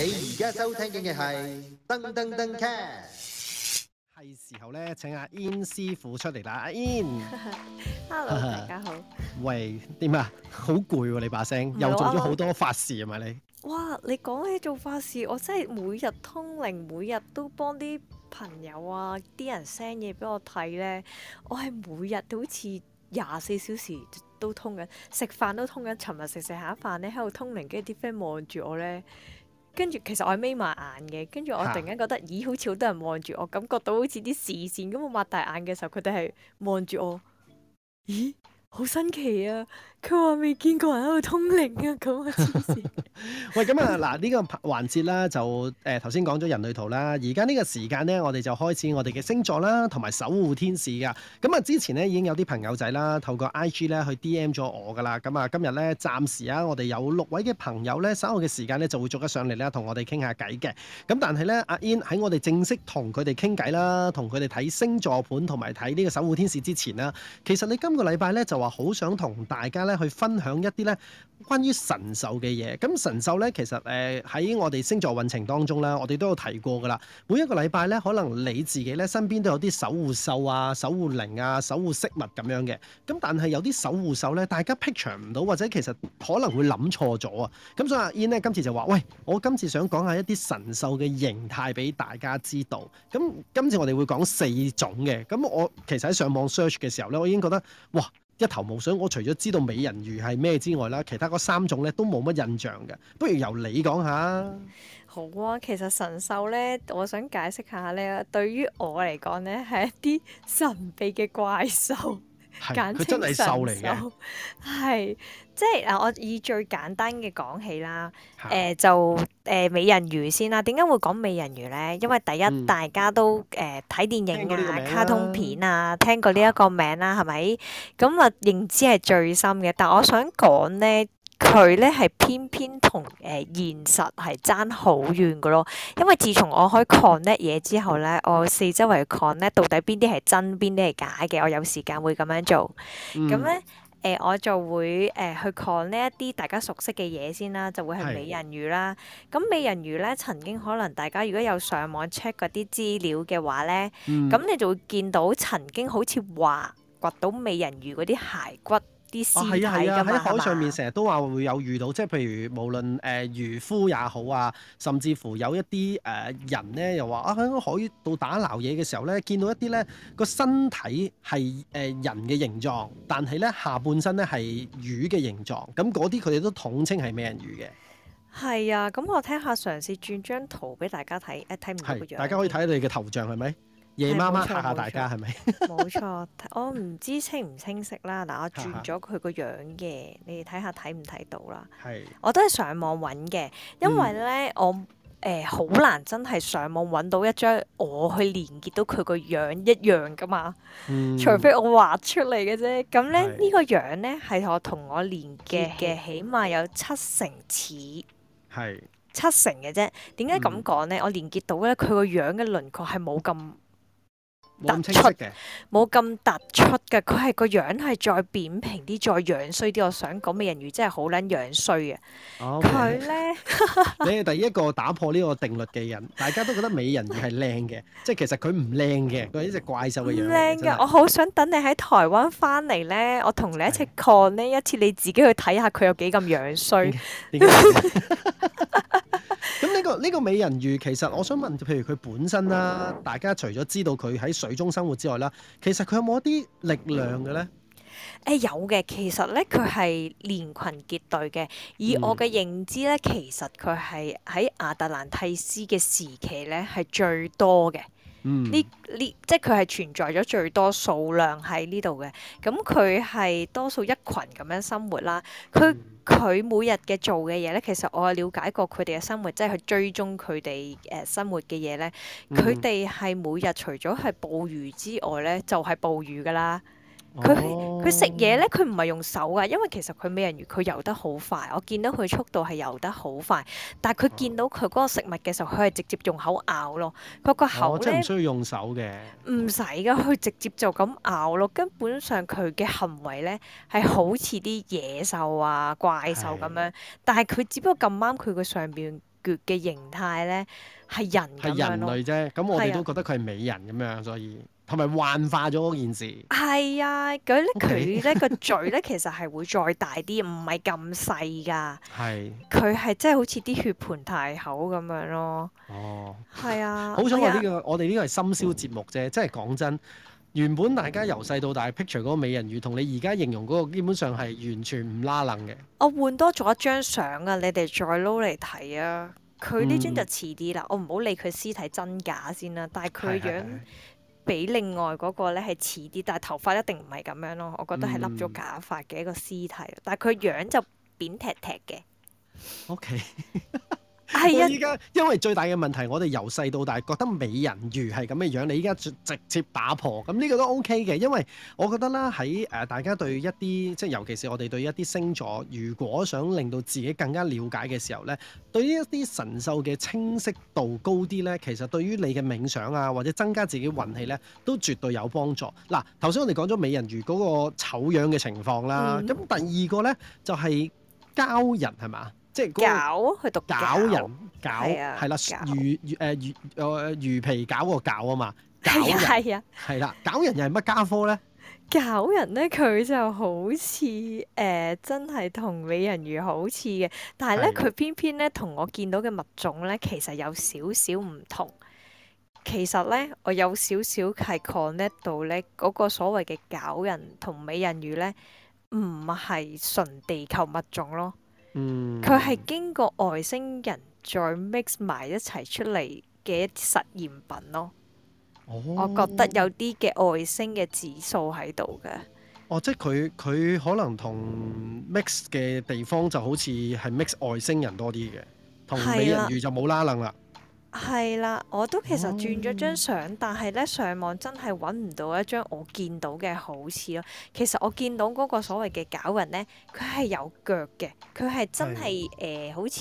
你而家收聽嘅係噔噔噔 cat，係時候咧，請阿 In 師傅出嚟啦，阿 In。Hello， 大家好。 喂，點啊？好攰 你把聲，又做咗好多法事係、啊、咪你 ？哇！你講起做法事，我真係每日通靈，每日都幫啲朋友啊，啲人 send 嘢俾我睇咧，我係每日都好似廿四小時都通緊，食飯都通緊。尋日食食下飯咧，喺度通靈，跟住啲 friend 望住我咧。跟住，其實我係眯埋眼嘅。跟住我突然間覺得，哈咦，好似好多人望住我，感覺到好似啲視線咁。我擘大眼嘅時候，佢哋係望住我。咦？好新奇啊！佢話未見過人喺度通靈啊，咁啊黐線 喂，咁啊嗱，呢、這個環節啦，就誒頭先講咗人類圖啦，而家呢個時間呢，我哋就開始我哋嘅星座啦，同埋守護天使噶。咁啊，之前呢，已經有啲朋友仔啦，透過 I G 咧去 D M 咗我噶啦。咁啊，今日咧暫時啊，我哋有六位嘅朋友咧，稍後嘅時間咧就會逐一上嚟咧，同我哋傾下偈嘅。咁但係咧，阿 In 喺我哋正式同佢哋傾偈啦，同佢哋睇星座盤，同埋睇呢個守護天使之前啦，其實你今個禮拜咧就。話好想同大家咧去分享一啲咧關於神獸嘅嘢。咁神獸咧，其實誒喺我哋星座運程當中咧，我哋都有提過噶啦。每一個禮拜咧，可能你自己咧身邊都有啲守護獸啊、守護靈啊、守護飾物咁樣嘅。咁但係有啲守護獸咧，大家 picture 唔到，或者其實可能會諗錯咗啊。咁所以阿 In 呢，今次就話：喂，我今次想講下一啲神獸嘅形態俾大家知道。咁今次我哋會講四種嘅。咁我其實喺上網 search 嘅時候咧，我已經覺得哇。一頭霧水，我除咗知道美人魚係咩之外啦，其他嗰三種咧都冇乜印象嘅。不如由你講下。嗯。好啊，其實神獸咧，我想解釋下咧，對於我嚟講咧，係一啲神秘嘅怪獸。佢真係瘦嚟㗎，係即係啊！我以最簡單嘅講起啦，誒、呃、就誒、呃、美人魚先啦。點解會講美人魚咧？因為第一、嗯、大家都誒睇、呃、電影啊、啊卡通片啊，聽過呢一個名啦，係咪？咁啊，啊我認知係最深嘅。但我想講咧。佢咧係偏偏同誒、呃、現實係爭好遠嘅咯，因為自從我開 connect 嘢之後咧，我四周圍 connect 到底邊啲係真，邊啲係假嘅，我有時間會咁樣做。咁咧誒我就會誒、呃、去 connect 一啲大家熟悉嘅嘢先啦，就會係美人魚啦。咁是的 美人魚咧曾經可能大家如果有上網 check 嗰啲資料嘅話咧，咁、嗯、你就會見到曾經好似話掘到美人魚嗰啲骸骨。啲屍體咁，哦、啊喺，嗯、海上面成日都話會有遇到，即係吧譬如無論誒漁，呃、夫也好啊，甚至乎有一啲誒，呃、人咧，又話啊喺海度打撈嘢嘅時候咧，見到一啲咧個身體係誒，呃、人嘅形狀，但係咧下半身咧係魚嘅形狀，咁嗰啲佢哋都統稱係美人魚嘅。係啊，咁我聽下嘗試轉張圖俾大家睇，誒睇唔到個樣。係，大家可以睇到你嘅頭像係咪？夜媽媽嚇下大家係咪？冇錯，我唔知清唔清晰啦。嗱，我轉咗佢個樣嘅，你哋睇下睇唔睇到啦？係，我都係上網揾嘅，因為咧我誒好難真係上網揾到一張我去連結到佢個樣一樣㗎嘛，除非我畫出嚟嘅啫。咁咧呢個樣咧係我同我連結嘅，起碼有七成似，係七成嘅啫。點解咁講咧？我連結到咧佢個樣嘅輪廓係冇咁清楚嘅。突出嘅，冇咁突出嘅，佢係個樣係再扁平啲，再樣衰啲。我想講美人魚真係好撚樣衰嘅，佢咧你係第一個打破呢個定律嘅人，大家都覺得美人魚係靚嘅， 即係其實佢唔靚嘅，佢係一隻怪獸嘅樣。靚嘅，我好想等你喺台灣翻嚟呢。我同你一齊 confirm 一次，你自己去睇下佢有幾咁樣衰。是的 什麼 咁呢個呢個美人魚其實我想問，譬如佢本身啦，大家除咗知道佢喺水中生活之外啦，其實佢有冇一啲力量嘅咧？誒有嘅，其實咧佢係連群結隊嘅。以我嘅認知咧，嗯、其實佢係喺亞特蘭蒂斯嘅時期咧係最多嘅。呢呢、嗯、即係佢係存在咗最多數量喺呢度嘅。咁佢係多數一群咁樣生活啦。佢佢每日嘅做嘅嘢咧，其實我有了解過佢哋嘅生活，即係去追蹤佢哋誒生活嘅嘢咧。佢哋係每日除咗係捕魚之外咧，就係捕魚噶啦。佢佢食嘢咧，佢唔係用手噶，因為其實佢美人魚佢游得好快，我見到佢速度係游得好快，但係佢見到佢嗰個食物嘅時候，佢係、哦、直接用口咬咯，佢個口我真係唔需要用手嘅，唔使噶，佢直接就咁咬咯。根本上佢嘅行為咧係好似啲野獸啊怪獸咁樣，但係佢只不過咁啱佢個上邊嘅形態咧係人係人類啫，咁我哋都覺得佢係美人咁樣，所以。同埋幻化咗嗰件事係啊，佢咧佢咧個嘴咧，其實係會再大啲，唔係咁細㗎。係佢係真係好似啲血盆大口咁樣咯。哦，係啊，好彩我呢個我哋呢個係深宵節目啫。真係講真，原本大家由細到大 picture 嗰個美人魚，同你而家形容嗰個，基本上係完全唔拉楞嘅。我換多咗一張相啊！你哋再撈嚟睇啊！佢呢張就遲啲啦。我唔好理佢屍體真假先啦，但係佢樣。比另外嗰個咧係遲啲，但係頭髮一定唔係咁樣咯。我覺得係笠咗假髮嘅一個屍體，嗯、但係佢樣就扁踢踢嘅。O K。係啊！依家因為最大嘅問題，我哋由細到大覺得美人魚係咁嘅樣，樣，你依家直接打破，咁呢個都 OK 嘅，因為我覺得啦，喺誒大家對一啲即係尤其是我哋對一啲星座，如果想令到自己更加了解嘅時候呢，對於一啲神獸嘅清晰度高啲呢，其實對於你嘅冥想啊，或者增加自己運氣呢，都絕對有幫助。嗱，頭先我哋講咗美人魚嗰個醜樣嘅情況啦，咁第二個呢，就係、是、鮫人係咪？即係鮫，佢讀鮫人鮫，係啦，魚、呃、魚誒、呃、魚誒皮餃個餃啊嘛，係 啊係啦，鮫人又係乜家科咧？鮫人咧，佢就好似誒、呃、真係同美人魚好似嘅，但係咧佢偏偏咧同我見到嘅物種咧，其實有少少唔同。其實咧，我有少少係 connect 到咧嗰個所謂嘅鮫人同美人魚咧，唔係純地球物種咯。佢係、嗯、經過外星人再 mix 埋一齊出嚟嘅一啲實驗品咯，哦、我覺得有啲嘅外星嘅指數喺度嘅。哦，即係佢佢可能同 mix 嘅地方就好似係 mix 外星人多啲嘅，同美人魚就冇拉楞啦。係啦，我都其實轉咗張相，但係咧上網真係揾唔到一張我見到嘅好似咯。其實我見到嗰個所謂嘅鮫人咧，佢係有腳嘅，佢係真係誒的、呃、好似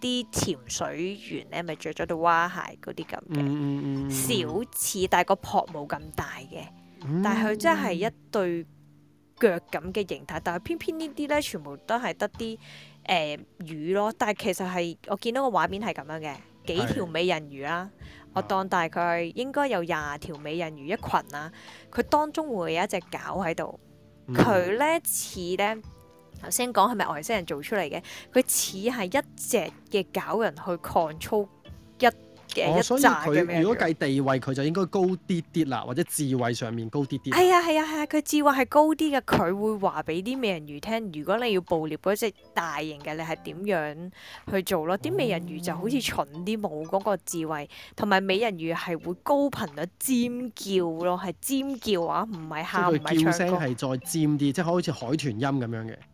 啲潛水員咧，咪着咗對蛙鞋嗰啲咁嘅小似，但係個蹼冇咁大嘅、嗯，但係佢真係一對腳咁嘅形態。但係偏偏呢啲咧，全部都係得啲誒、呃、魚咯。但係其實係我見到個畫面係咁樣嘅。幾條美人魚啦，的我當大概應該有廿條美人魚一群啦，佢當中會有一隻鮫喺度，佢呢似呢。頭先講係咪外星人做出嚟嘅？佢似係一隻嘅鮫人去 control 一。一 哦，如果計地位，佢就應該高啲啲啦，或者智慧上面高啲啲。係啊，係 啊，係、哎、啊，佢、哎、智慧係高啲嘅。佢會話俾啲美人魚聽，如果你要捕獵嗰隻大型嘅，你係點樣去做咯？啲美人魚就好似蠢啲，冇嗰個智慧，同埋美人魚係會高頻率尖叫咯，係尖叫啊，唔係喊，唔係唱歌，係再尖啲，即係好似海豚音咁樣嘅。嗯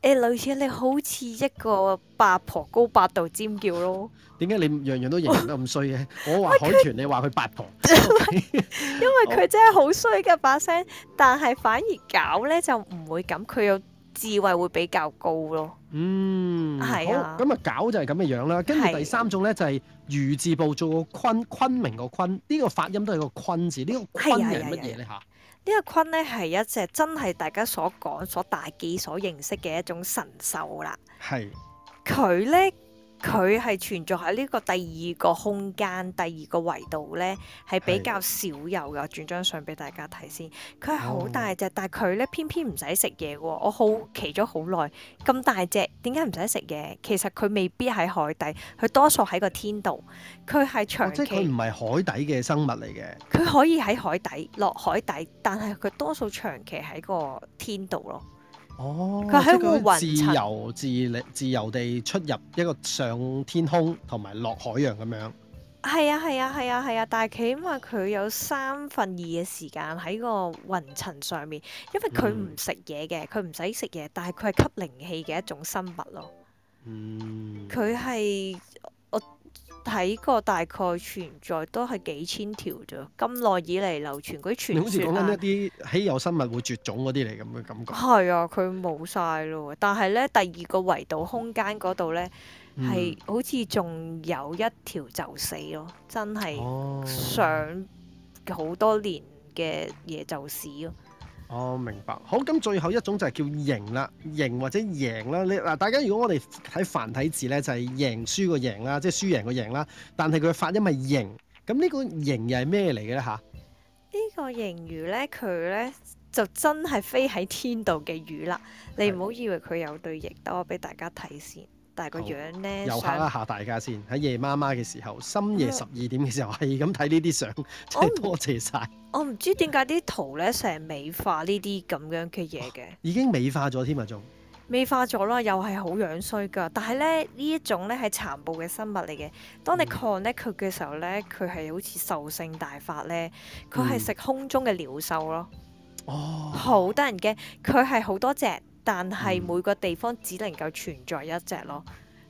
誒，類似你好似一個八婆高八度尖叫咯。點解你樣樣都形容得咁衰嘅？ 我話海豚，你話佢八婆。 因為佢真係好衰嘅把聲，但係反而搞咧就唔會咁，佢有智慧會比較高咯。嗯，係啊。好，咁啊搞就係咁嘅樣啦。跟住第三種咧是就係魚字部做個昆，昆明個昆呢、這個發音都係個昆字。這個、呢個昆係乜嘢咧？吓、哎？哎呢個鯤咧係一隻真係大家所講、所大記、所認識嘅一種神獸啦。係佢咧。佢係存在喺呢個第二個空間、第二個維度呢，係比較少有嘅。轉張相俾大家睇先，佢係好大隻，但係佢咧偏偏唔使食嘢喎。我好奇咗好耐，咁大隻點解唔使食嘢？其實佢未必喺海底，佢多數喺個天度，佢係長期，佢唔係海底嘅生物嚟嘅。佢可以喺海底落海底，但係佢多數長期喺個天度咯。佢喺、哦、個雲自由雲層自由自由地出入一個上天空同埋落海洋咁樣。係啊，係啊，係啊，係啊，但係起碼佢有三分二嘅時間喺個雲層上面，因為佢唔食嘢嘅，佢唔使食嘢，但係佢係吸靈氣嘅一種生物咯。佢係、嗯。睇過大概存在都係幾千條啫，咁耐以嚟流傳嗰啲傳説、啊、你好似講緊一啲稀有生物會絕種嗰啲嚟咁嘅感覺。係啊，佢冇晒咯，但係咧第二個維度空間嗰度咧係好似仲有一條就死咯，嗯、真係上好多年嘅嘢就死咯。哦，oh, 明白，好，咁最後一種就係叫贏啦，贏或者贏啦，你嗱大家如果我哋睇繁體字咧，就係、是、贏輸個贏啦，即、就、係、是、輸贏個贏啦。但係佢嘅發音係贏，咁呢個贏又係咩嚟嘅咧嚇？呢個贏魚咧，佢咧就真係飛喺天度嘅魚啦，你唔好以為佢有對翼，等我俾大家睇先。大個樣咧，又嚇好上一下大家先，喺夜媽媽嘅時候，深夜十二點嘅時候係咁睇呢啲相，真係多謝曬。我唔知點解啲圖咧成日美化呢啲咁樣嘅嘢嘅，已經美化咗添啊，仲美化咗啦，又係好樣衰噶。但係咧呢一種咧係殘暴嘅生物嚟嘅。當你 connect 佢嘅時候咧，佢係好似獸性大發咧，佢係食空中嘅鳥獸咯。嗯、哦，好得人驚，佢係好多隻。但係每個地方只能夠存在一隻咯，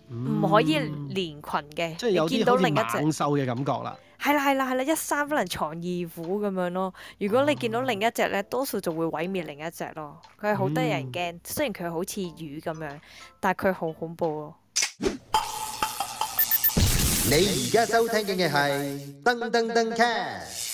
唔可以連群嘅。你見到另一隻，即係有啲好似猛獸嘅感覺啦。係啦，係啦，係啦，一山不能藏二虎咁樣咯。如果你見到另一隻咧，多數就會毀滅另一隻咯。佢係好得人驚，嗯、雖然佢好似魚咁樣，但係佢好恐怖咯、哦。你而家收聽緊嘅係噔噔噔 c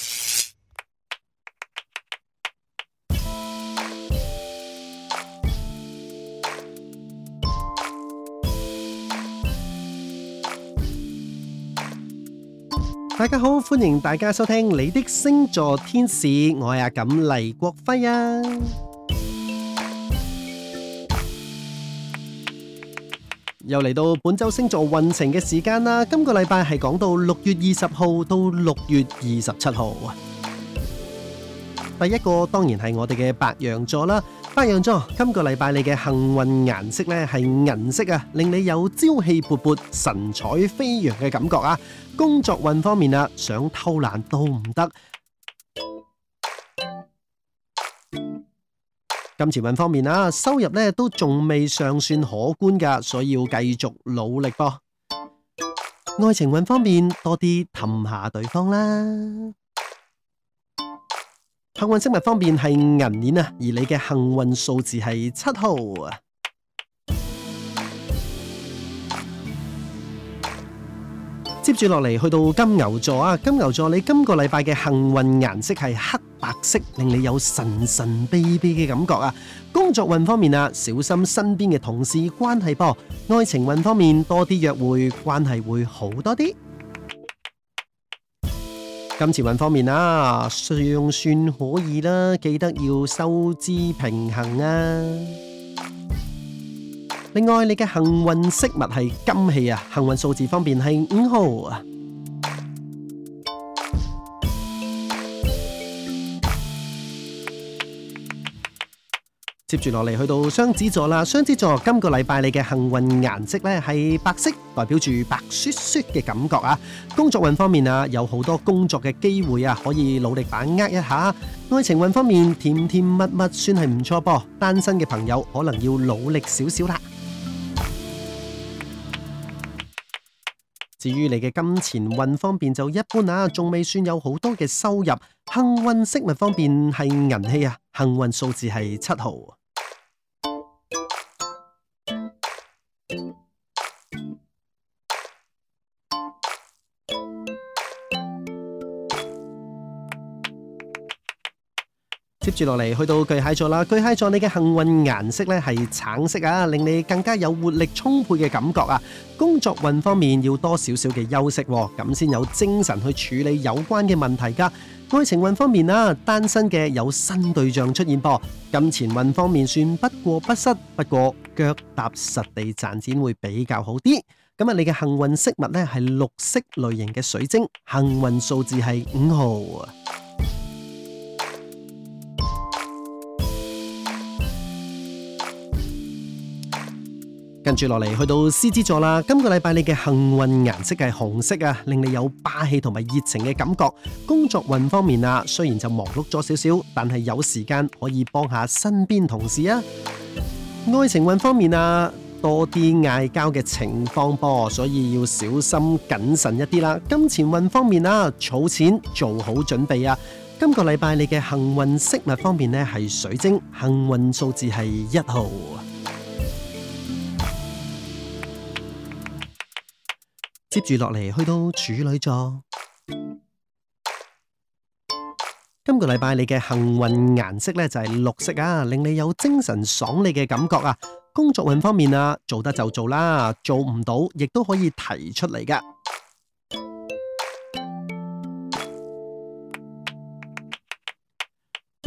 大家好，歡迎大家收聽《你的星座天使》。我係阿錦黎國輝啊！又嚟到本周星座運程嘅時間啦，今個禮拜係講到六月二十號到六月二十七號啊！第一個當然係我哋嘅白羊座啦，白羊座今個禮拜你嘅幸運顏色咧係銀色啊，令你有朝氣勃勃、神采飛揚嘅感覺啊！工作運方面啊，想偷懶都唔得。金錢運方面啊，收入咧都仲未尚算可觀噶，所以要繼續努力噃、啊。愛情運方面，多啲氹下對方啦。幸運飾物方面係銀鏈啊，而你嘅幸運數字係七號。接住落嚟去到金牛座啊，金牛座你今個禮拜嘅幸運顏色係黑白色，令你有神神秘秘嘅感覺啊。工作運方面啊，小心身邊嘅同事關係噃；愛情運方面，多啲約會，關係會好多啲。金錢運方面啦，尚算可以啦，記得要收支平衡啊。另外，你嘅幸運飾物係金器啊，幸運數字方面係五號。接住落嚟去到雙子座啦，雙子座今個禮拜你嘅幸運顏色呢係白色，代表住白雪雪嘅感覺啊。工作運方面啊，有好多工作嘅機會啊，可以努力把握一下。愛情運方面，甜甜蜜蜜算係唔錯噃。單身嘅朋友可能要努力少少啦。至於你嘅金錢運方面就一般啊，仲未算有好多嘅收入。幸運飾物方面係銀器啊，幸運數字係七號。接住落嚟，去到巨蟹座啦。巨蟹座你嘅幸運顏色咧係橙色啊，令你更加有活力充沛嘅感覺啊。工作運方面要多少少嘅休息，咁先有精神去處理有關嘅問題噶。愛情運方面啊，單身嘅有新對象出現噃。金錢運方面算不過不失，不過腳踏實地賺錢會比較好啲。咁你嘅幸運飾物咧係綠色類型嘅水晶，幸運數字係五號。跟住落嚟，去到獅子座啦。今個禮拜你嘅幸運顏色係紅色啊，令你有霸氣同埋熱情嘅感覺。工作運方面啊，雖然就忙碌咗少少，但係有時間可以幫下身邊同事啊。愛情運方面啊，多啲嗌交嘅情況噃，所以要小心謹慎一啲啦、啊。金錢運方面啊，儲錢做好準備啊。今個禮拜你嘅幸運飾物方面呢，係水晶，幸運數字係一號。接住落嚟，去到處女座。今個禮拜你嘅幸運顏色咧就係綠色啊，令你有精神爽利嘅感覺啊。工作運方面啊，做得就做啦，做唔到亦都可以提出嚟噶。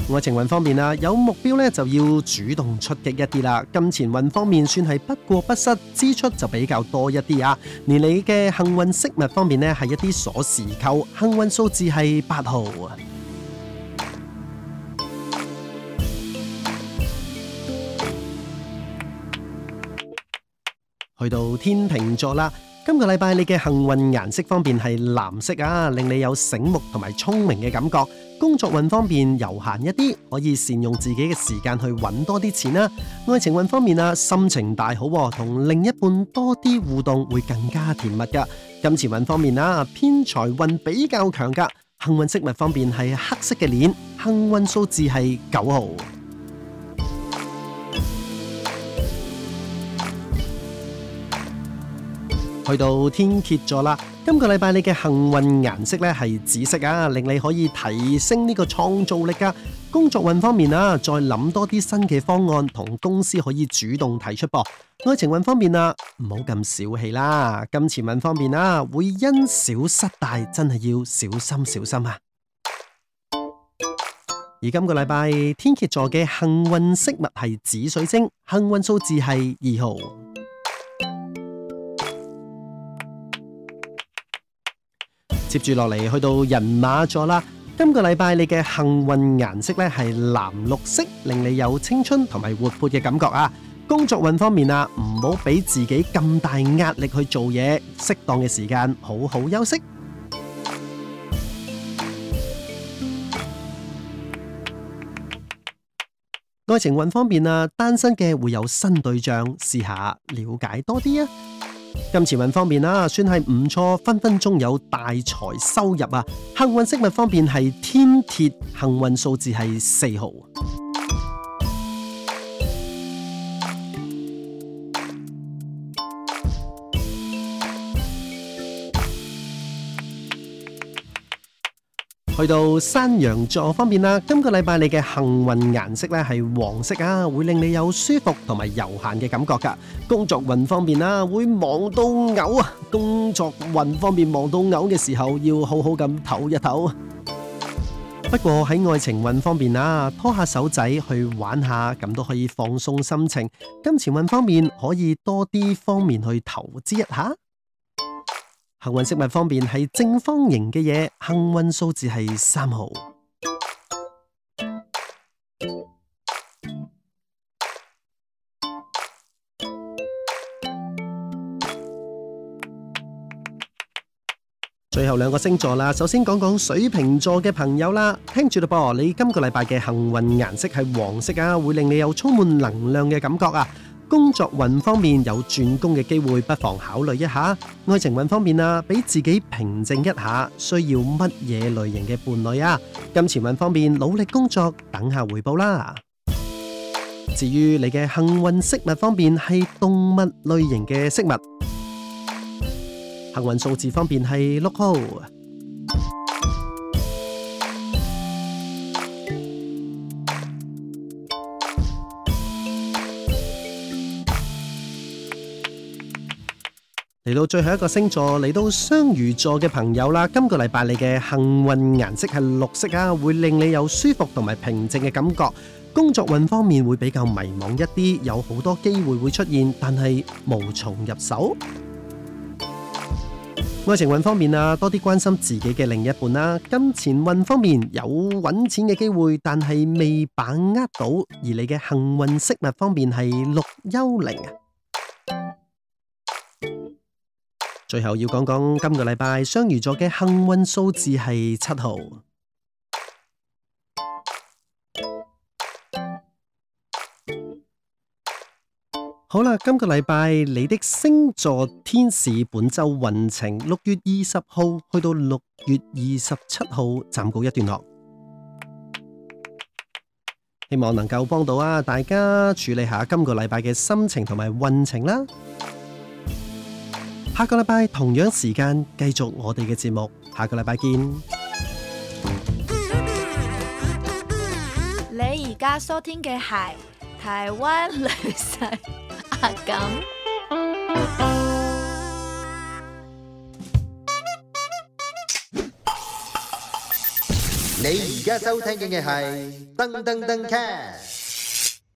愛情運方面啦，有目標咧，就要主動出擊一啲啦。金錢運方面算係不過不失，支出就比較多一啲啊。你嘅幸運飾物方面咧係一啲鎖匙扣，幸運數字係八號。去到天秤座啦，今個禮拜你嘅幸運顏色方面係藍色啊，令你有醒目同埋聰明嘅感覺。工作運方面，悠閒一啲，可以善用自己嘅時間去揾多啲錢啦。愛情運方面啊，心情大好，同另一半多啲互動會更加甜蜜噶。金錢運方面啊，偏財運比較強噶。幸運飾物方面係黑色嘅鏈，幸運數字係九號。去到天蠍座啦。今個禮拜你嘅幸運顏色咧係紫色啊，令你可以提升呢個創造力啊。工作運方面啊，再諗多啲新嘅方案，同公司可以主動提出噃。愛情運方面啊，唔好咁小氣啦。金錢運方面啊，會因小失大，真係要小心小心啊。而今個禮拜天蠍座嘅幸運飾物係紫水晶，幸運數字係二號。接住落嚟去到人馬座啦，今個禮拜你嘅幸運顏色咧係藍綠色，令你有青春同埋活潑嘅感覺啊！工作運方面啊，唔好俾自己咁大壓力去做嘢，適當嘅時間好好休息。愛情運方面啊，單身嘅會有新對象，試下了解多啲啊！金錢運方面啦，算係唔錯，分分鐘有大財收入啊！幸運飾物方面係天鐵，幸運數字係四號。去到山羊座方面啦，今個禮拜你嘅幸運顏色咧係黃色啊，會令你有舒服同埋悠閒嘅感覺噶。工作運方面啊，會忙到嘔啊！工作運方面忙到嘔嘅時候，要好好咁唞一唞。不過喺愛情運方面啊，拖下手仔去玩下，咁都可以放鬆心情。金錢運方面，可以多啲方面去投資一下。幸運食物方面係正方形嘅嘢，幸運數字係三號。最後兩個星座啦，首先講講水瓶座嘅朋友啦，聽住啦噃，你今個禮拜嘅幸運顏色係黃色啊，會令你有充滿能量嘅感覺啊。工作運方面有轉工嘅機會，不妨考慮一下。愛情運方面啊，俾自己平靜一下。需要乜嘢類型嘅伴侶啊？金錢運方面，努力工作，等下回報啦。至於你嘅幸運飾物方面，係動物類型嘅飾物。幸運數字方面係六號。嚟到最後一個星座，嚟到雙魚座嘅朋友啦，今個禮拜你嘅幸運顏色係綠色啊，會令你有舒服同埋平靜嘅感覺。工作運方面會比較迷茫一啲，有好多機會會出現，但係無從入手。愛情運方面啊，多啲關心自己嘅另一半啦。金錢運方面有揾錢嘅機會，但係未把握到。而你嘅幸運飾物方面係綠幽靈啊。最後要講講今個禮拜雙魚座嘅幸運數字係七號。好啦，今個禮拜你的星座天使本周運程六月二十號去到六月二十七號，暫告一段落。希望能夠幫到啊大家處理下今個禮拜嘅心情同埋運程啦。下個禮拜同樣時間繼續我哋嘅節目，下個禮拜見。你而家收聽嘅係台灣女婿阿感。你而家收聽嘅係噔噔噔 cat。